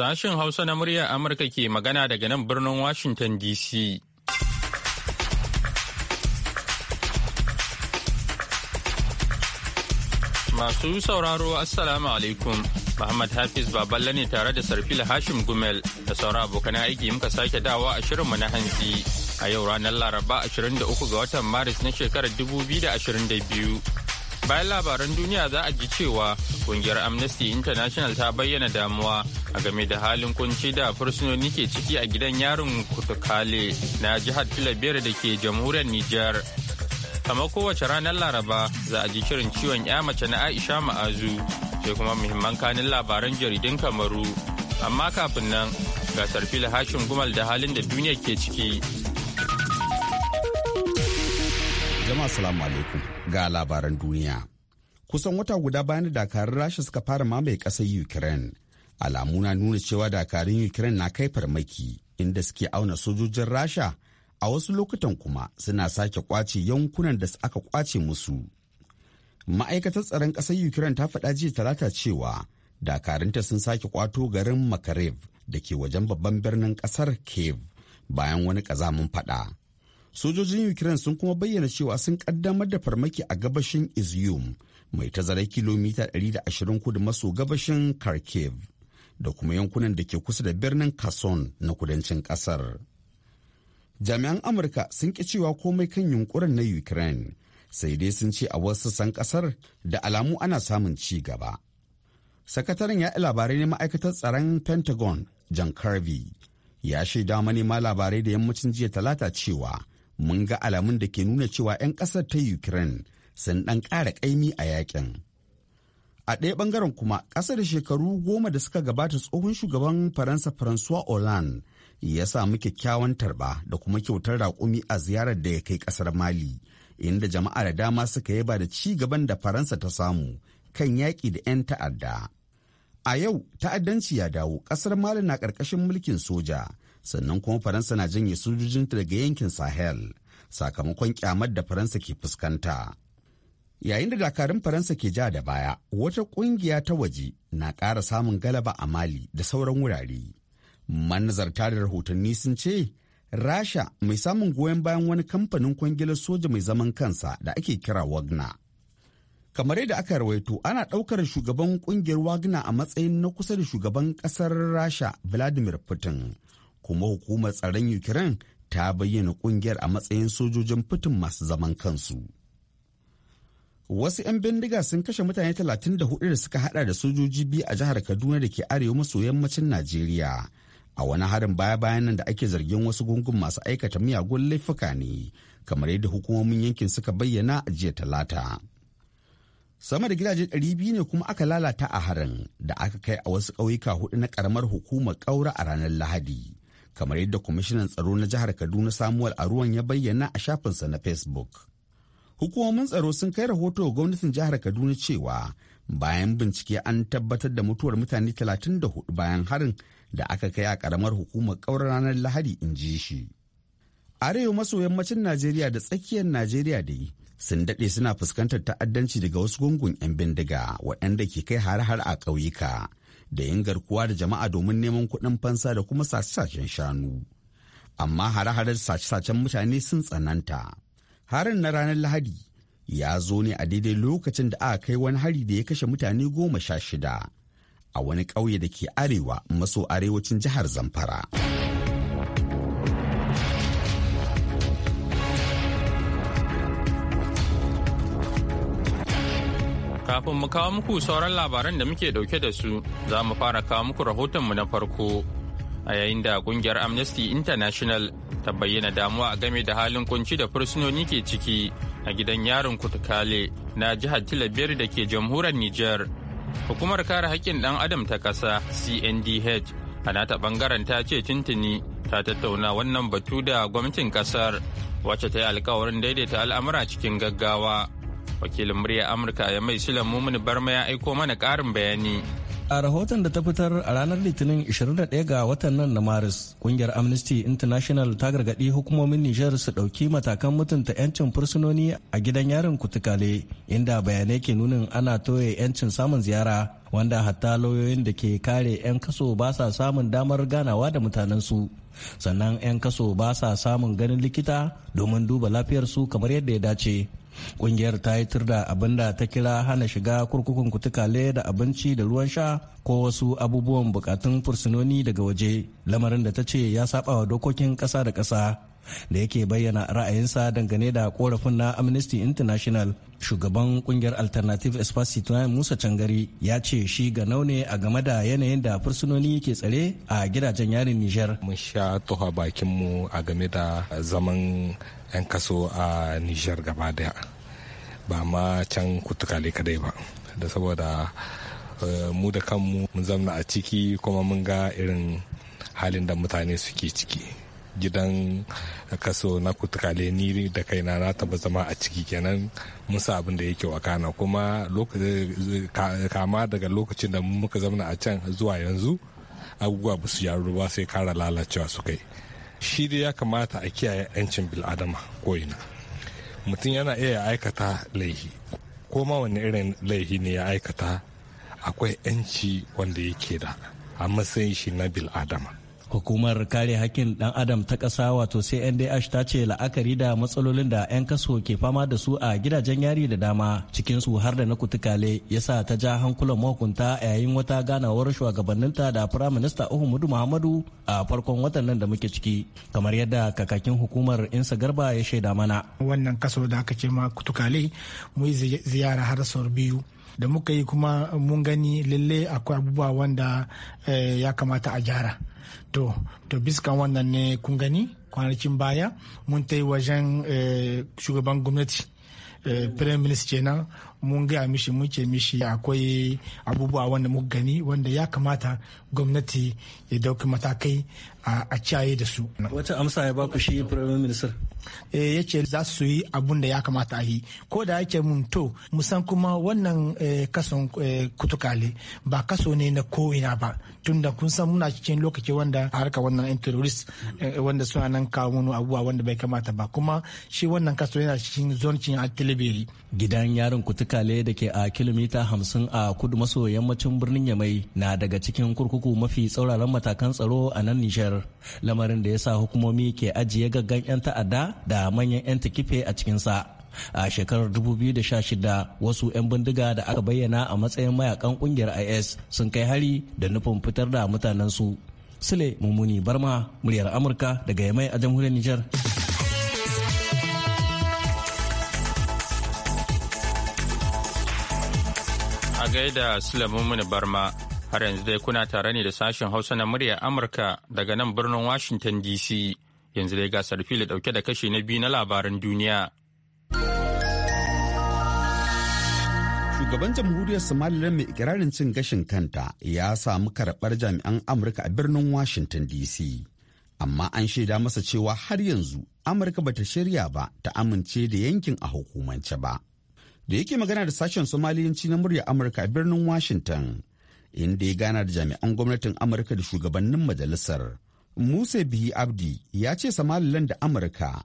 Sashen Hausa na muryar Amurka ke magana daga nan birnin Washington DC. Masu sauraro Assalamu alaikum. Muhammad Hafiz Baballe ne tare da Sarfil Hashim Gumel da sauran abokan aiki muka sake dawa a shirinmu na hanzi A yau ranar Laraba 23 ga watan Maris na shekarar 2022. Bayan labaran duniya za a ji cewa kungiyar Amnesty International ta bayyana damuwa a game da halin kunci da fursunoni ke ciki a gidan yarin Kutukale na jihar Filabiyar da ke jamhuriyar Nijar. Kamar kowace ranar Laraba za a ji kirin ciwon ya mace na Aisha Ma'azu sai kuma muhimman kanin labaran jaridun Kamaru. Amma kafin nan gasar fili hashin gumal da halin da duniya ke ciki. jama'a salamu alaikum ga labaran duniya kusan wata guda bayan da dakarun rasha suka fara mamaye ƙasar ukraine alamu na nuna cewa dakarun ukraine na kai farmaki inda suke auna sojojin rasha a wasu lokutan kuma suna sake kwace yankunan da aka kwace musu ma'aikatar tsaron ƙasar ukraine ta faɗa jiya talata cewa dakarunta sun sake kwato garin makarev da ke wajen babban birnin ƙasar kiev bayan wani ƙazamin faɗa sojojin ukraine sun kuma bayyana cewa sun kaddamar da farmaki a gabashin izium mai tazarar kilomita 120 kudu maso gabashin kharkiv da kuma yankunan da ke kusa da birnin kason na kudancin kasar jami'an amurka sun ki cewa komai kan yunkurin na ukraine sai dai sun ce a wasu san kasar da alamu ana samun ci gaba sakataren ya labarai na ma'aikatar tsaron pentagon john kirby ya shaida manema labarai da yammacin jiya talata cewa mun ga alamun da ke nuna cewa 'yan ƙasar ta ukraine sun ɗan ƙara ƙaimi a yakin a ɗaya ɓangaren kuma ƙasa da shekaru goma da suka gabata tsohon shugaban faransa François hollande ya samu kyakkyawan tarba da kuma kyautar raƙumi a ziyarar da ya kai ƙasar mali inda jama'a da dama suka yaba da ci gaban da faransa ta samu kan yaƙi da 'yan ta'adda a yau ta'addanci ya dawo ƙasar mali na ƙarƙashin mulkin soja sannan kuma faransa na janye sojojinta daga yankin sahel sakamakon kyamar da faransa ke fuskanta yayin da dakarun faransa ke ja da baya wata kungiya ta waje na ƙara samun galaba a mali da sauran wurare manazarta da rahotanni sun ce rasha mai samun goyon bayan wani kamfanin kwangilar soja mai zaman kansa da ake kira wagna kamar yadda aka rawaito ana ɗaukar shugaban kungiyar wagna a matsayin na kusa da shugaban ƙasar rasha vladimir putin kuma hukumar tsaron ukraine ta bayyana kungiyar a matsayin sojojin fitin masu zaman kansu wasu 'yan bindiga sun kashe mutane 34 da suka hada da sojoji biyu a jihar kaduna da ke arewa maso yammacin najeriya a wani harin baya-bayan nan da ake zargin wasu gungun masu aikata miyagun laifuka ne kamar yadda hukumomin yankin suka bayyana a jiya talata sama da gidaje 200 ne kuma aka lalata a harin da aka kai a wasu ƙauyuka hudu na karamar hukumar ƙaura a ranar lahadi kamar yadda kwamishinan tsaro na jihar kaduna samuel aruwan ya bayyana a shafinsa na facebook hukumomin tsaro sun kai rahoto ga gwamnatin jihar kaduna cewa bayan bincike an tabbatar da mutuwar mutane 34 bayan harin da aka kai a karamar hukumar kaurar ranar lahadi in ji shi arewa maso yammacin najeriya da tsakiyar najeriya dai sun daɗe suna fuskantar ta'addanci daga wasu gungun 'yan bindiga waɗanda ke kai har-har a ƙauyuka da yin garkuwa da jama'a domin neman kuɗin fansa da kuma sace-sacen shanu. Amma hare-haren sace-sacen mutane sun tsananta. Harin na ranar Lahadi ya zo ne a daidai lokacin da aka kai wani hari da ya kashe mutane goma sha shida a wani ƙauye da ke arewa maso arewacin jihar Zamfara. Kafin mu kawo muku sauran labaran da muke dauke da su, za mu fara kawo muku rahoton mu na farko. A yayin da kungiyar Amnesty International ta bayyana damuwa a game da halin kunci da fursunoni ke ciki a gidan yarin Kutukale na jihar Tilabiyar da ke jamhuriyar niger Hukumar kare haƙƙin ɗan adam ta ƙasa CNDH a nata ɓangaren ta ce tuntuni ta tattauna wannan batu da gwamnatin ƙasar wacce ta yi alkawarin daidaita al'amura cikin gaggawa. wakilin murya amurka ya mai shilan mumuni barma ya aiko mana karin bayani a rahoton da ta fitar a ranar litinin 21 ga watan nan na maris kungiyar amnesty international ta gargaɗi hukumomin nijar su ɗauki matakan mutunta 'yancin fursunoni a gidan yarin kutukale inda bayanai ke nunin ana toye 'yancin samun ziyara wanda hatta lauyoyin da ke kare 'yan kaso ba sa samun damar ganawa da mutanensu sannan 'yan kaso ba sa samun ganin likita domin duba lafiyarsu kamar yadda ya dace Kungiyar ta yi da abin da ta kira hana shiga kurkukun kutukale da abinci da ruwan sha ko wasu abubuwan bukatun fursunoni daga waje lamarin da ta ce ya saba wa dokokin kasa da kasa da yake bayyana ra'ayinsa dangane da korafin na amnesty international shugaban kungiyar alternative espacito musa cangari ya ce shi ga ne a game da yanayin da fursunoni ke tsare a gidajen yarin niger mun sha tuha bakinmu a game da zaman 'yan kaso a nijar gaba daya ba ma can kutukale kadai ba da saboda eh, mu da kanmu mun zamna a ciki kuma mun ga irin halin da mutane suke ciki gidan kaso na kutukale ni da kaina na taba zama a ciki kenan mun sa abin da yake wakana kuma eh, kama daga lokacin da muka zamna a can zuwa yanzu abubuwa ba su yaro ba sai kara lalacewa su kai shi dai ya kamata a kiyaye 'yancin bil'adama ko'ina mutum yana iya aikata laihi ko ma wani irin laihi ne ya aikata akwai 'yanci wanda yake da a matsayin shi na bil'adama Hukumar kare hakkin ɗan Adam ta ƙasa wato CNDH ta ce la'akari da matsalolin da 'yan kaso ke fama da su a gidajen yari da dama cikinsu har da na kutukale ya sa ta ja hankulan mahukunta yayin wata ganawar shugabanninta da Firaminista Uhumudu Muhammadu a farkon watan nan da muke ciki kamar yadda kakakin hukumar Insa Garba ya shaida mana. Wannan kaso da aka ce ma kutukale mu yi ziyara har sau biyu. da muka yi kuma mun gani lalle akwai abubuwa wanda eh, ya kamata a gyara to to biskan wannan ne kun gani kwanakin baya mun ta yi wajen eh, shugaban gwamnati eh, prime minister kenan mun gaya mishi muke mishi akwai abubuwa wanda muka gani wanda ya kamata gwamnati ya dauki matakai a ciyaye da su. Wata amsa ya baku shi Prime Minister? Eh, ya ce za su yi abun da ya kamata a yi ko da yake mun to musan kuma wannan eh, kason eh, kutukale ba kaso ne na ko'ina ba tunda kun san muna cikin lokaci wanda harka wannan yan terrorist wanda suna nan kawo wani abubuwa wanda bai kamata ba kuma shi wannan kaso yana cikin zoncin atilibiri gidan yarin kutukale da ke a kilomita hamsin a kudu maso yammacin birnin yamai na daga cikin kurkuku uku mafi tsauraran matakan tsaro a nan Nijar, lamarin da ya sa hukumomi ke ajiye gaggan 'yan ta'adda da manyan 'yan takife a cikinsa. a shekarar 2016 wasu 'yan bindiga da aka bayyana a matsayin mayakan kungiyar is sun kai hari da nufin fitar da mutanensu sule mummuni barma muryar amurka daga yamai a jamhuriyar nijar a gaida sule mummuni barma Har yanzu dai kuna tare ne da sashen Hausa na murya Amurka daga nan birnin Washington DC. Yanzu dai gasar fili dauke da kashe na biyu na labaran duniya. Shugaban jamhuriyar Somaliland mai ikirarin cin gashin kanta ya samu karɓar jami'an Amurka a birnin Washington DC. Amma an shaida masa cewa har yanzu Amurka bata shirya ba ta amince da yankin a hukumance ba. Da yake magana da sashen Somaliyanci na murya Amurka a birnin Washington. inda ya gana da jami'an gwamnatin amurka da shugabannin majalisar musa bihi abdi ya ce somaliland da amurka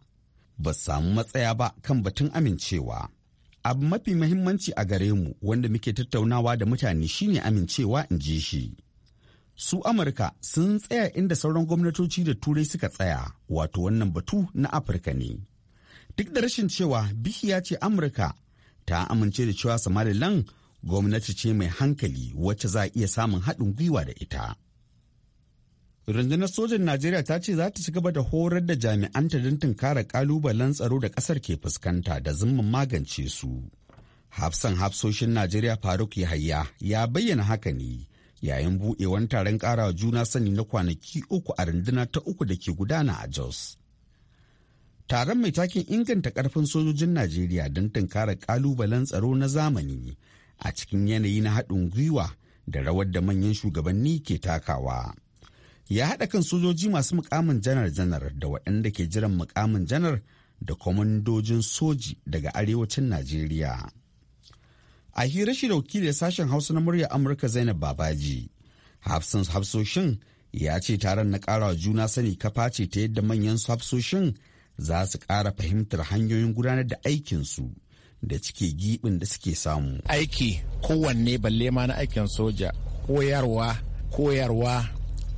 ba samu matsaya ba kan batun amincewa abu mafi mahimmanci a gare mu wanda muke tattaunawa da mutane shine amincewa in ji shi su amurka sun tsaya inda sauran gwamnatoci da turai suka tsaya wato wannan batu na afirka ne duk da rashin cewa bihi ya ce amurka ta amince da cewa somaliland gwamnati ce mai hankali wacce za a iya samun haɗin gwiwa da ita. Rundunar sojan Najeriya ta ce za ta ci gaba da horar da jami'anta don tunkara kalubalen tsaro da ƙasar ke fuskanta da zumman magance su. Hafsan hafsoshin Najeriya Faruk Yahaya ya bayyana haka ne yayin buɗewan taron ƙarawa juna sani na kwanaki uku a runduna ta uku da ke gudana a Jos. Taron mai takin inganta ƙarfin sojojin Najeriya don tunkara ƙalubalen tsaro na zamani a cikin yanayi na haɗin gwiwa da rawar da manyan shugabanni ke takawa. Ya haɗa kan sojoji masu mukamin janar-janar da waɗanda ke jiran mukamin janar da kwamandojin soji daga arewacin Najeriya. A hira shi da wakilin sashen Hausa na murya Amurka Zainab Babaji, hafsan hafsoshin ya ce taron na ƙara juna sani kafa ce ta yadda manyan hafsoshin za su ƙara fahimtar hanyoyin gudanar da aikinsu da cike gibin da suke samu. Aiki kowanne balle ma na aikin soja koyarwa koyarwa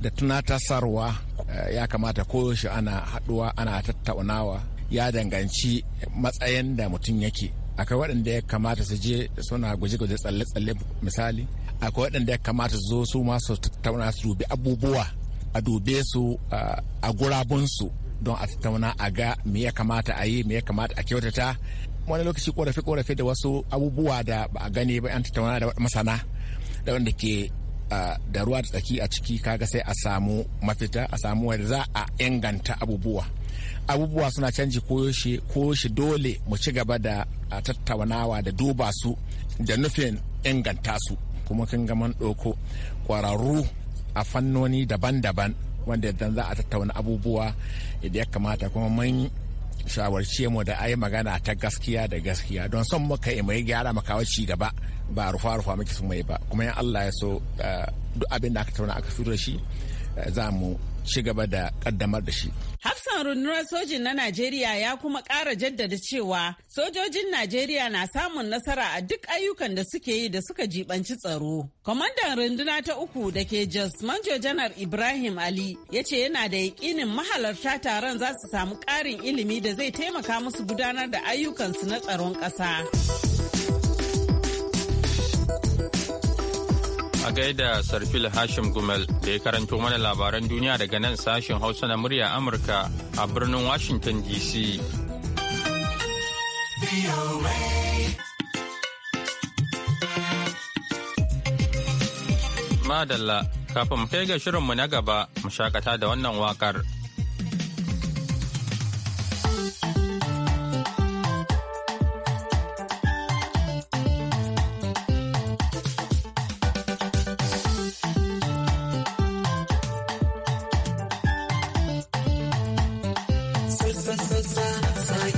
da tunatasarwa eh, ya kamata koyaushe ana haɗuwa ana tattaunawa ya danganci matsayin da mutum yake akwai waɗanda ya kamata su je suna guje-guje tsalle-tsalle misali akwai waɗanda ya kamata su zo su masu tattauna su dubi abubuwa a dube su a gurabunsu don a tattauna a ga me ya kamata a yi me ya kamata a kyautata wani lokaci korafe-korafe da wasu abubuwa da ba a gani ba an tattauna da masana da wanda ke da ruwa da tsaki a ciki kaga sai a samu mafita a samu wanda za a inganta abubuwa abubuwa suna canji koyaushe koyoshe dole mu ci gaba da tattaunawa da duba su da nufin inganta su kuma kin ga man ɗauko ƙwararru a fannoni daban-daban wanda idan za a tattauna abubuwa idan ya kamata kuma mun shawarce mu da ayi magana ta gaskiya da gaskiya don son muka yi mai gyara makawa ci gaba ba rufa rufa muke sun mai ba kuma yan Allah ya so eh, duk abin da aka tauna aka fito da shi eh, za mu ci gaba da kaddamar da shi. Hafsan rundunar sojin na Najeriya ya kuma ƙara jaddada cewa sojojin Najeriya na samun nasara a duk ayyukan da suke yi da suka jibanci tsaro. Kwamandan runduna ta uku da ke Jos Manjo Janar Ibrahim Ali ya ce yana da yakinin mahalarta taron za su samu ƙarin ilimi da zai taimaka musu gudanar da ayyukansu na tsaron ƙasa. A gaida Sarfil Hashim Gumel da ya karanto mana labaran duniya daga nan sashen Hausa na murya Amurka a birnin Washington DC. Madalla, kafin kai ga shirinmu na gaba, mu shakata da wannan wakar. sa sa sa sa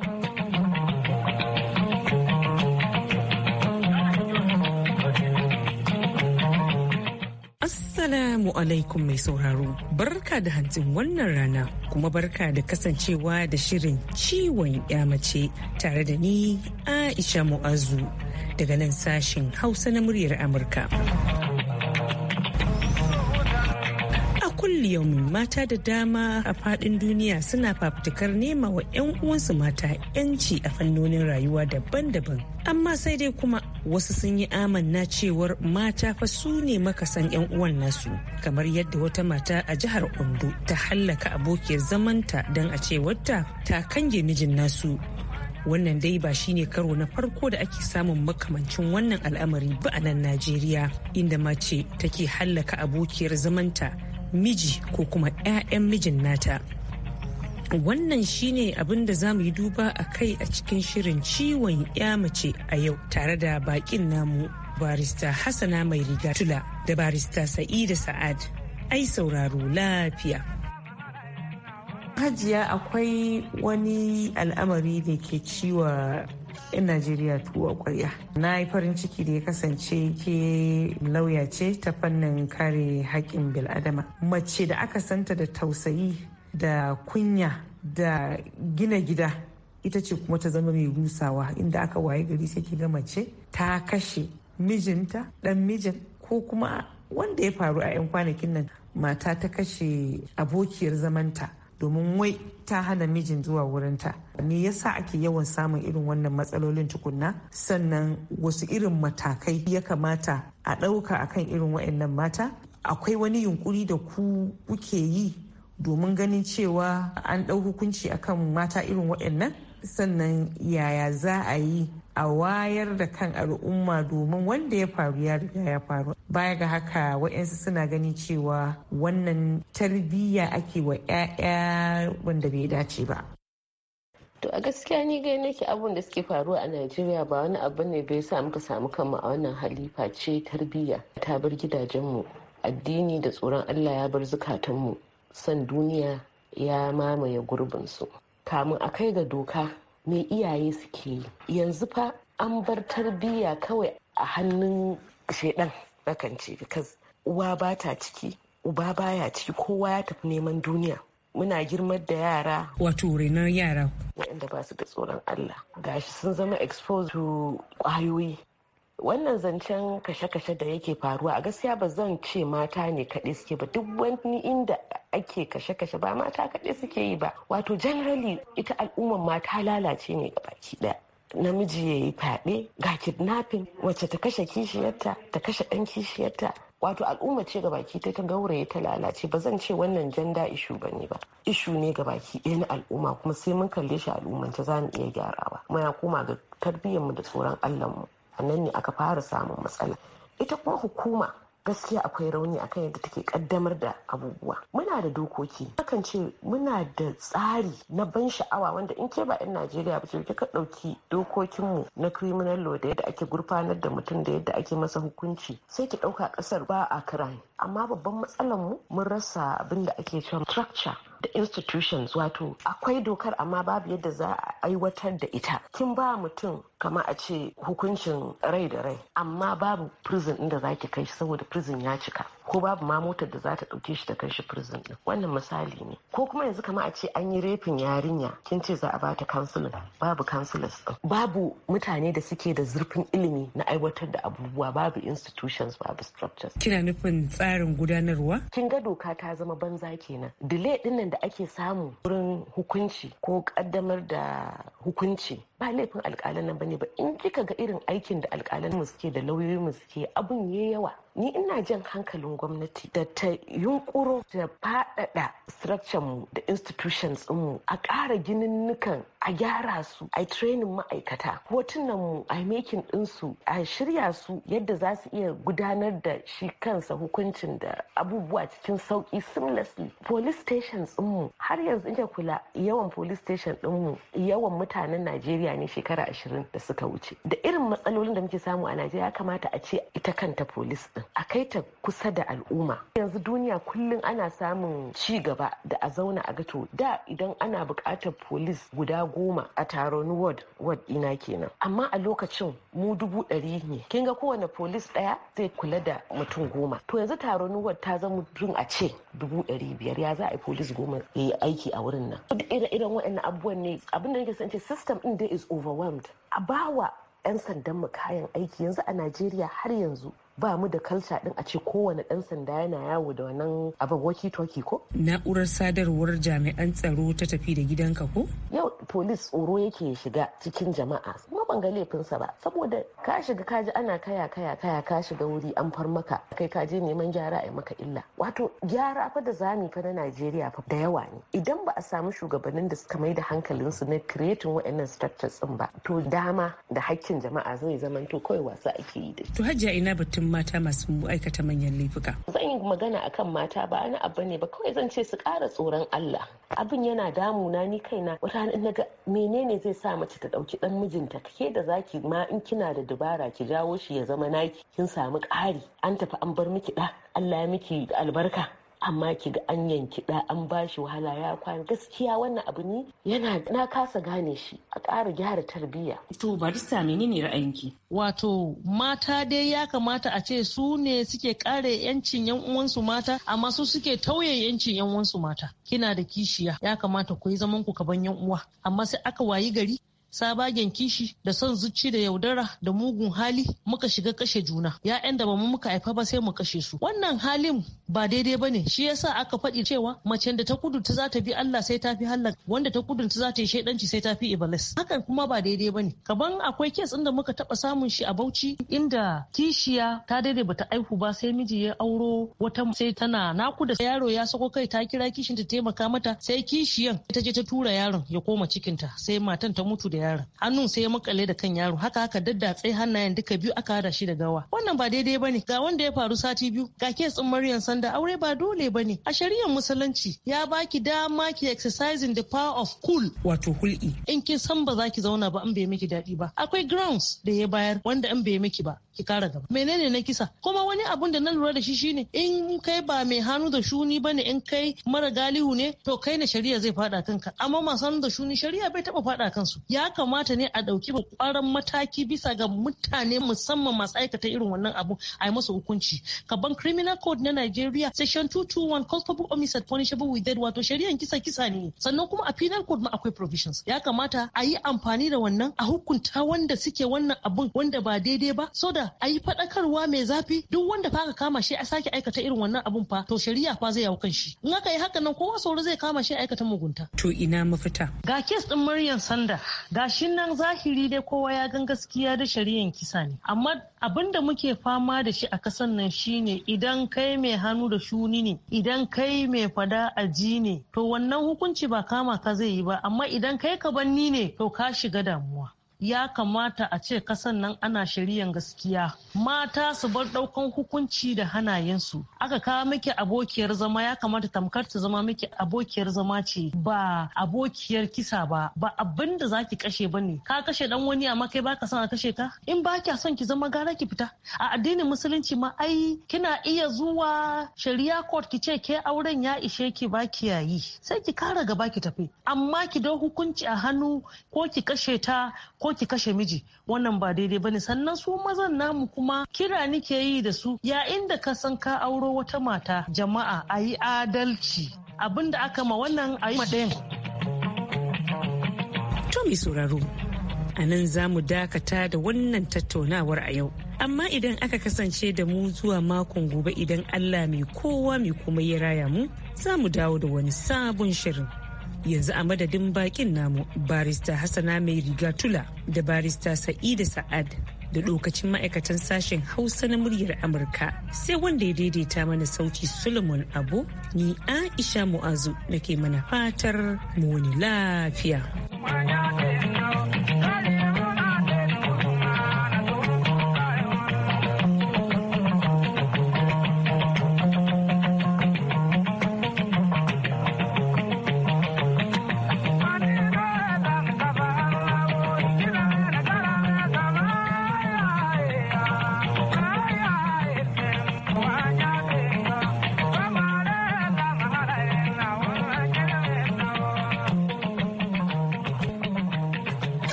Assalamu alaikum mai sauraro, barka da hantin wannan rana kuma barka da kasancewa da shirin ciwon mace tare da ni Aisha Mu'azu daga nan sashen Hausa na muryar Amurka. kulliyomin mata da dama a fadin duniya suna fafutukar nema wa 'yan uwansu mata 'yanci a fannonin rayuwa daban-daban amma sai dai kuma wasu sun yi amanna cewar mata fa su ne makasan 'yan uwan nasu kamar yadda wata mata a jihar ondo ta hallaka abokiyar zamanta don a cewarta ta kange mijin nasu wannan dai ba shine karo na farko da ake samun makamancin wannan al'amari ba a nan najeriya inda mace take hallaka abokiyar zamanta miji ko kuma 'ya'yan mijin nata Wannan shine abin da za mu yi duba a kai a cikin shirin ciwon ya mace a yau tare da bakin namu barista Hassana mai rigatula da barista Sa'ida Sa'ad. Ai sauraro lafiya. Hajiya akwai wani al'amari da ke ciwa 'yan Najeriya tuwa kwarya. Na yi farin ciki da ya kasance ke lauya ce ta fannin kare haƙƙin bil'adama. Mace da aka santa da tausayi da kunya da gina gida ita ce kuma ta zama mai rusawa inda aka waye gari sai ki ga mace ta kashe mijinta dan mijin ko kuma wanda ya faru a 'yan kwanakin nan mata ta kashe abokiyar zamanta domin wai ta hana mijin zuwa wurinta me yasa ake yawan samun irin wannan matsalolin tukunna sannan wasu irin matakai ya kamata a ɗauka akan irin wa'annan mata akwai wani yunkuri da ku kuke yi domin ganin cewa an ɗau hukunci akan mata irin waɗannan sannan yaya za a yi a wayar da kan al'umma domin wanda ya faru ya riga ya faru baya ga haka wa'yansu suna gani cewa wannan tarbiyya ake wa 'ya'ya wanda bai dace ba to a gaskiya ni gai nake abun da suke faruwa a najeriya ba wani abu ne bai sa muka samu kanmu a wannan halifa ce tarbiyya ta bar gidajenmu addini da tsoron allah ya bar zukatanmu son duniya ya mamaye gurbinsu kamun a kai ga doka me iyaye suke yi yanzu fa an bar tarbiyya kawai a hannun shaidan nakan ce because uwa ba ta ciki uba baya ciki kowa ya tafi neman duniya muna girmar da yara wato renar yara waɗanda ba su da tsoron Allah gashi sun zama exposed to ƙwayoyi wannan zancen kashe-kashe da yake faruwa a gaskiya ba zan ce mata ne kaɗai suke ba duk wani inda ake kashe-kashe ba mata kaɗai suke yi ba wato generally ita al'ummar mata lalace ne gabaki ɗaya namiji ya yi fyaɗe ga kidnapping wacce ta kashe kishiyarta ta kashe ɗan kishiyarta wato al'umma ce gabaki ta ta gauraye ta lalace ba zan ce wannan janda ishu ba ne ba ishu ne gabaki ɗaya na al'umma kuma sai mun kalle shi ta za mu iya gyarawa ya koma ga tarbiyyarmu da tsoron allahnmu nan ne aka fara samun matsala ita kuma hukuma gaskiya akwai rauni akan yadda take kaddamar da abubuwa muna da dokoki kakan ce muna da tsari na ban sha'awa wanda in ke ba 'yan najeriya ba ce ka ɗauki dokokinmu na criminal law da yadda ake gurfanar da mutum da yadda ake masa hukunci sai ki ɗauka kasar ba a crime amma babban matsalar mu mun rasa abin da ake cewa structure da institutions wato akwai dokar amma babu yadda za a aiwatar da ita kin ba mutum kama a ce hukuncin rai da rai amma babu prison inda za ki kai saboda prison ya cika ko babu ma motar da za ta ɗauke shi ta kai shi prison din wannan misali ne ko kuma yanzu kama a ce an yi refin yarinya kin ce za a ba ta counseling babu counselors din babu mutane da suke da zurfin ilimi na aiwatar da abubuwa babu institutions babu structures kina nufin tsarin gudanarwa kin ga doka ta zama banza kenan delay din nan da ake samu wurin hukunci ko kaddamar da hukunci ba laifin alƙalan nan bane ba in kika ga irin aikin da alƙalan mu suke da lauyoyin mu suke abun ya yawa ni ina jan hankalin gwamnati da ta yunkuro da faɗaɗa structure mu da institutions mu a ƙara gininnukan a gyara su a training ma'aikata hotunan mu a mekin ɗinsu a shirya su yadda za su iya gudanar da shi kansa hukuncin da abubuwa cikin sauki seamlessly police stations mu har yanzu in kula yawan police station mu yawan mutanen najeriya ne shekara ashirin da suka wuce da irin matsalolin da muke samu a najeriya kamata a ce ita kanta police din, a kai ta kusa da al'umma yanzu duniya kullum ana samun ci gaba da a zauna a gato da idan ana bukatar police guda goma a taron ward ward ina kenan amma a lokacin mu dubu ɗari ne kin ga kowane polis ɗaya zai kula da mutum goma to yanzu taron ward ta zama mutum a ce dubu ɗari biyar ya za a yi polis goma ya yi aiki a wurin nan duk ire-iren waɗannan abubuwan ne abinda nake san ce system ɗin dai is overwhelmed a bawa 'yan sandan mu kayan aiki yanzu a najeriya har yanzu ba mu da kalsa din a ce kowane dan sanda yana yawo da wannan abin walkie toki ko na'urar sadarwar jami'an tsaro ta tafi da gidanka ko yau polis tsoro yake shiga cikin jama'a kuma ban ga laifinsa ba saboda ka shiga ka ji ana kaya kaya kaya ka shiga wuri an far maka kai ka je neman gyara a maka illa wato gyara fa da zami fa na Najeriya fa da yawa ne idan ba a samu shugabannin da suka mai da hankalinsu na creating wa'annan structures din ba to dama da hakkin jama'a zai to kawai wasa ake yi da to hajiya ina batun mata masu aikata manyan laifuka. Zan yi magana akan mata ba ana abu ne ba kawai zan ce su ƙara tsoron Allah. Abin yana damuna ni kaina wata na ga menene zai sa mace ta ɗauki ɗan mijinta ke da zaki ma in kina da dabara ki jawo shi ya zama naki kin samu ƙari an tafi an bar miki ɗa Allah ya miki albarka amma ki ga an yanki da an bashi wahala ya kwana gaskiya wannan abu ne yana na kasa gane shi a ƙara gyara tarbiyya. To barista menene ra'ayinki? Wato mata dai ya kamata a ce su ne suke kare yancin yan uwansu mata amma su suke tauye yancin yan uwansu mata. Kina da kishiya ya kamata ku yi zaman ku kaban yan uwa amma sai aka wayi gari sabagen kishi da son zuci da yaudara da mugun hali muka shiga kashe juna ya'yan da bamu muka haifa ba sai mu kashe su wannan halin ba daidai bane shi yasa aka faɗi cewa mace da ta kudu za ta bi Allah sai ta fi halak wanda ta kudu za ta yi shaidanci sai ta fi iblis hakan kuma ba daidai bane kaban akwai kes da muka taba samun shi a Bauchi inda kishiya ta daidai bata aihu ba sai miji ya auro wata sai tana nakuda yaro ya sako kai ta kira kishin ta taimaka mata sai kishiyan ta je ta tura yaron ya koma cikinta sai matan ta mutu da yaron hannun sai ya makale da kan yaro haka haka daddatse hannayen duka biyu aka hada shi da gawa wannan ba daidai bane ga wanda ya faru sati biyu ga kes tsin Maryam Sanda aure ba dole bane a shari'ar musulunci ya baki dama ki exercising the power of cool wato hul'i in kin san ba za ki zauna ba in bai miki daɗi ba akwai grounds da ya bayar wanda in bai miki ba ki kara gaba menene na kisa kuma wani abun da na lura da shi shine in kai ba mai hannu da shuni ba ne in kai mara galihu ne to kai na shari'a zai fada kanka amma masu hannu da shuni shari'a bai taba fada kansu ya kamata ne a dauki kwaran mataki bisa ga mutane musamman masu aikata irin wannan abu a yi masa hukunci kaban criminal code na Nigeria section 221 culpable homicide punishable with death wato shari'an kisa kisa ne sannan kuma a penal code ma akwai provisions ya kamata a yi amfani da wannan a hukunta wanda suke wannan abun wanda ba daidai ba so da da a yi faɗakarwa mai zafi duk wanda fa ka kama shi a sake aikata irin wannan abun fa to shari'a fa zai yawo kan shi in aka yi haka nan kowa sauri zai kama shi aikata mugunta to ina mafita ga kes ɗin Maryam Sanda shi nan zahiri dai kowa ya gan gaskiya da shari'an kisa ne amma abin da muke fama da shi a kasan nan shine idan kai mai hannu da shuni ne idan kai mai fada a ji ne to wannan hukunci ba kama ka zai yi ba amma idan kai ka banni ne to ka shiga damuwa ya kamata a ce kasan nan ana shari'an gaskiya mata su bar daukan hukunci da hanayensu aka kawo miki abokiyar zama ya kamata tamkar ta zama miki abokiyar zama ce ba abokiyar kisa ba ba abin da zaki kashe ba ne. ka kashe dan wani amma kai baka son a kashe ka in ba kya son ki zama gara ki fita a addinin musulunci ma ai kina iya zuwa shari'a court ki ce ke auren ya ishe ki ba yayi sai ki kara gaba ki tafi amma ki dau hukunci a hannu ko ki kashe ta ko ki kashe miji wannan ba daidai bane sannan su mazan namu kuma kira nike yi da su ya inda ka san ka auro wata mata jama'a a yi adalci abinda aka ma wannan a yi ɗayan. To mai sauraro a nan za mu dakata da wannan tattaunawar a yau. Amma idan aka kasance da mu zuwa makon gobe idan Allah mai kowa mai kuma ya raya mu za mu dawo da wani sabon shirin. yanzu a madadin bakin namu barista hassana mai riga tula da barista sa'ida sa'ad da lokacin ma'aikatan sashen hausa na muryar amurka sai wanda ya daidaita mana sauti solomon abu ni aisha mu'azu nake mana fatar mu wani lafiya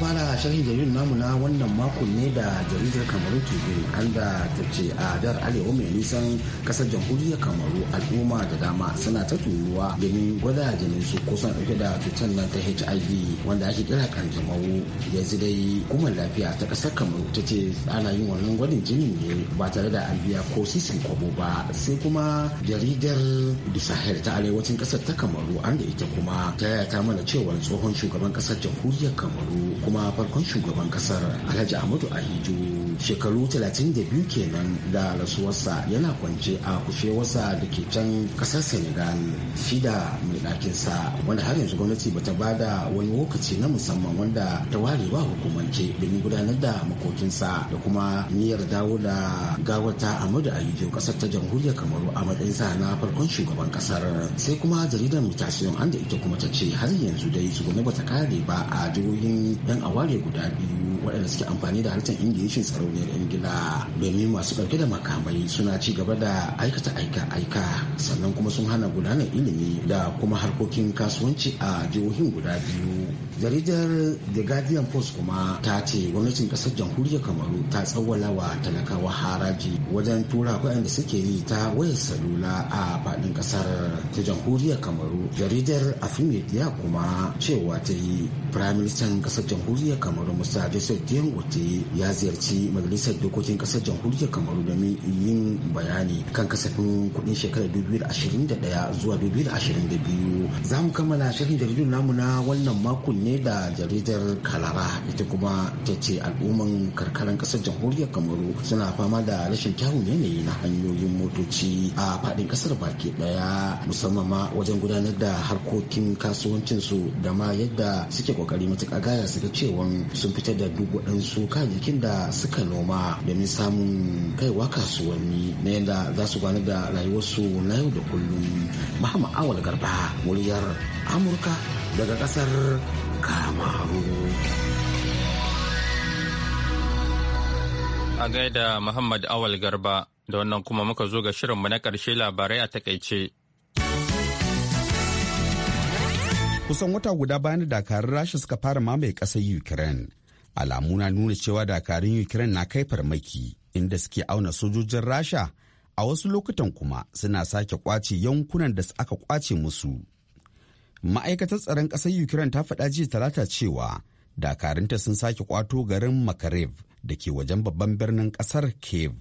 fara shirin jaridar namu na wannan makon ne da jaridar kamaru an anda ta ce a dar arewa mai nisan kasar jamhuriyar kamaru al'umma da dama suna ta turuwa domin gwada jinin su kusan ɗauke da cutar nan ta hiv wanda ake kira kanjamau yanzu dai kuma lafiya ta kasar kamaru ta ce ana yin wannan gwadin jinin ne ba tare da an ko sisin kwabo ba sai kuma jaridar du sahel ta arewacin kasar ta kamaru an da ita kuma ta yaya ta mana cewa tsohon shugaban kasar jamhuriyar kamaru kuma farkon shugaban kasar Alhaji Ahmadu Ahijo shekaru 32 kenan da rasuwarsa yana kwance a kushewarsa da ke can kasar Senegal shida mai ɗakinsa wanda har yanzu gwamnati ba bata bada wani lokaci na musamman wanda ta ware ba hukumance domin gudanar da makokinsa da kuma niyyar dawo da gawata Ahmadu Ahijo kasar ta jamhuriyar Kamaru a matsayinsa na farkon shugaban kasar sai kuma jaridar mutasiyon an da ita kuma ta ce har yanzu dai su bata kare ba a jihohin yan a ware guda biyu waɗanda suke amfani da harshen ingilishin sarauniyar ingila domin masu ɗauke da makamai suna ci gaba da aikata aika aika sannan kuma sun hana gudanar ilimi da kuma harkokin kasuwanci a jihohin guda biyu jaridar the guardian post kuma ta ce gwamnatin ƙasar jamhuriyar kamaru ta tsawwala wa talakawa haraji wajen tura kuɗin da suke yi ta wayar salula a faɗin ƙasar. ta jamhuriyar kamaru jaridar afimedia kuma cewa ta yi firaministan kasar jamhuriyar kamaru musa Sadiyan Ote ya ziyarci Majalisar Dokokin Kasar Jamhuriyar Kamaru domin yin bayani kan kasafin kuɗin shekarar 2021 zuwa 2022. Za mu kammala shirin jaridun namu na wannan makon ne da jaridar Kalara ita kuma ta ce al'umman karkaran kasar jamhuriyar Kamaru suna fama da rashin kyawun yanayi na hanyoyin motoci a faɗin kasar baki ɗaya musamman ma wajen gudanar da harkokin kasuwancinsu da ma yadda suke kokari matuƙa gaya su ga cewa sun fitar da duk kan jikin da suka noma domin samun kaiwa kasuwanni na yadda za su gwanar da rayuwarsu na yau da kullum mahama awal garba muryar amurka daga kasar kamaru a gaida muhammad awal garba da wannan kuma muka zo ga shirinmu na ƙarshe labarai a takaice kusan wata guda bayan da dakarun rasha suka fara mamaye ƙasar ukraine alamu na nuna cewa dakarun ukraine na kai farmaki inda suke auna sojojin rasha a wasu lokutan kuma suna sake kwace yankunan da aka kwace musu ma'aikatar tsaron ƙasar ukraine ta faɗa jiya talata cewa dakarunta sun sake kwato garin makarev da ke wajen babban birnin ƙasar kiev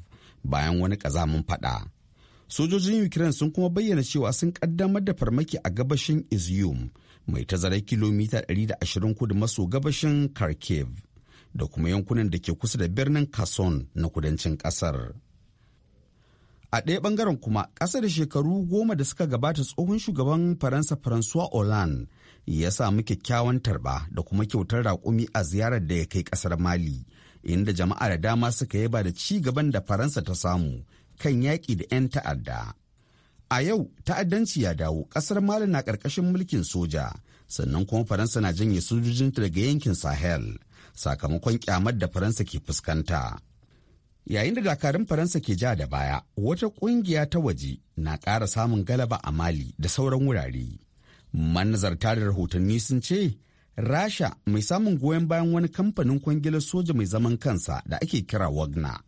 bayan wani ƙazamin faɗa sojojin ukraine sun kuma bayyana cewa sun ƙaddamar da farmaki a gabashin izium mai tazarar kilomita 120 kudu maso gabashin kharkiv da kuma yankunan da ke kusa da birnin Kason na kudancin kasar. A ɗaya ɓangaren kuma ƙasa da shekaru goma da suka gabata tsohon shugaban Faransa François Hollande ya samu kyakkyawan tarba da kuma kyautar raƙumi a ziyarar da ya kai ƙasar Mali, inda jama'a da dama suka ba da ci gaban da Faransa ta samu kan yaƙi da 'yan ta'adda. A yau ta'addanci ya dawo ƙasar Mali na ƙarƙashin mulkin soja, sannan kuma Faransa na janye sojojinta daga yankin Sahel. sakamakon kyamar da faransa ke fuskanta yayin da dakarun faransa ke ja da baya wata ƙungiya ta waje na ƙara samun galaba a mali da sauran wurare manazarta da rahotanni sun ce rasha mai samun goyon bayan wani kamfanin kwangilar soja mai zaman kansa da ake kira wagner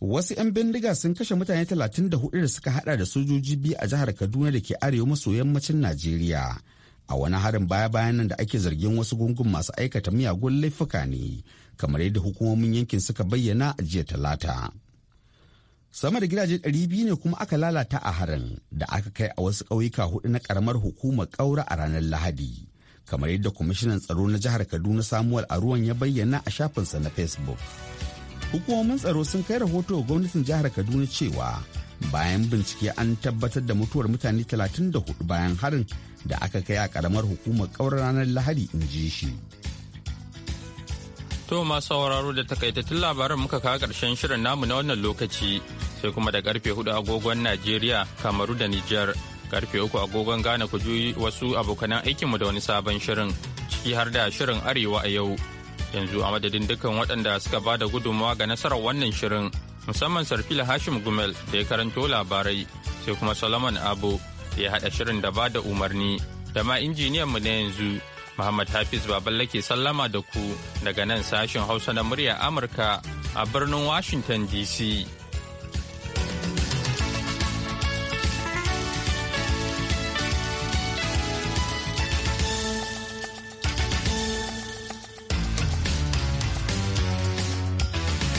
wasu 'yan bindiga sun kashe mutane 34 da suka hada da sojoji biyu a jihar kaduna da ke arewa maso yammacin najeriya a wani harin baya-bayan nan da ake zargin wasu gungun masu aikata miyagun laifuka ne kamar yadda hukumomin yankin suka bayyana a jiya talata sama da gidaje 200 ne kuma aka lalata a harin da aka kai a wasu ƙauyuka hudu na ƙaramar hukumar ƙaura a ranar lahadi kamar yadda kwamishinan tsaro na jihar kaduna samuwar aruwan ya bayyana a shafinsa na facebook hukumomin tsaro sun kai rahoto ga gwamnatin jihar kaduna cewa bayan bincike an tabbatar da mutuwar mutane 34 bayan harin da aka kai a karamar hukumar kawar ranar lahadi in ji shi. To masu sauraro da takaitattun labaran muka kawo ƙarshen shirin namu na wannan lokaci sai kuma da karfe hudu agogon Najeriya, Kamaru da Nijar, karfe uku agogon Ghana ku juyi wasu abokan aikinmu da wani sabon shirin ciki har da shirin Arewa a yau. Yanzu a madadin dukkan waɗanda suka ba da gudunmawa ga nasarar wannan shirin. musamman sarfila hashim gumel da ya karanto labarai sai kuma solomon abo da ya haɗa shirin da ba da umarni da ma injiniyan mu na yanzu muhammad hafiz baballe ke sallama da ku daga nan sashen hausa na murya amurka a birnin washington dc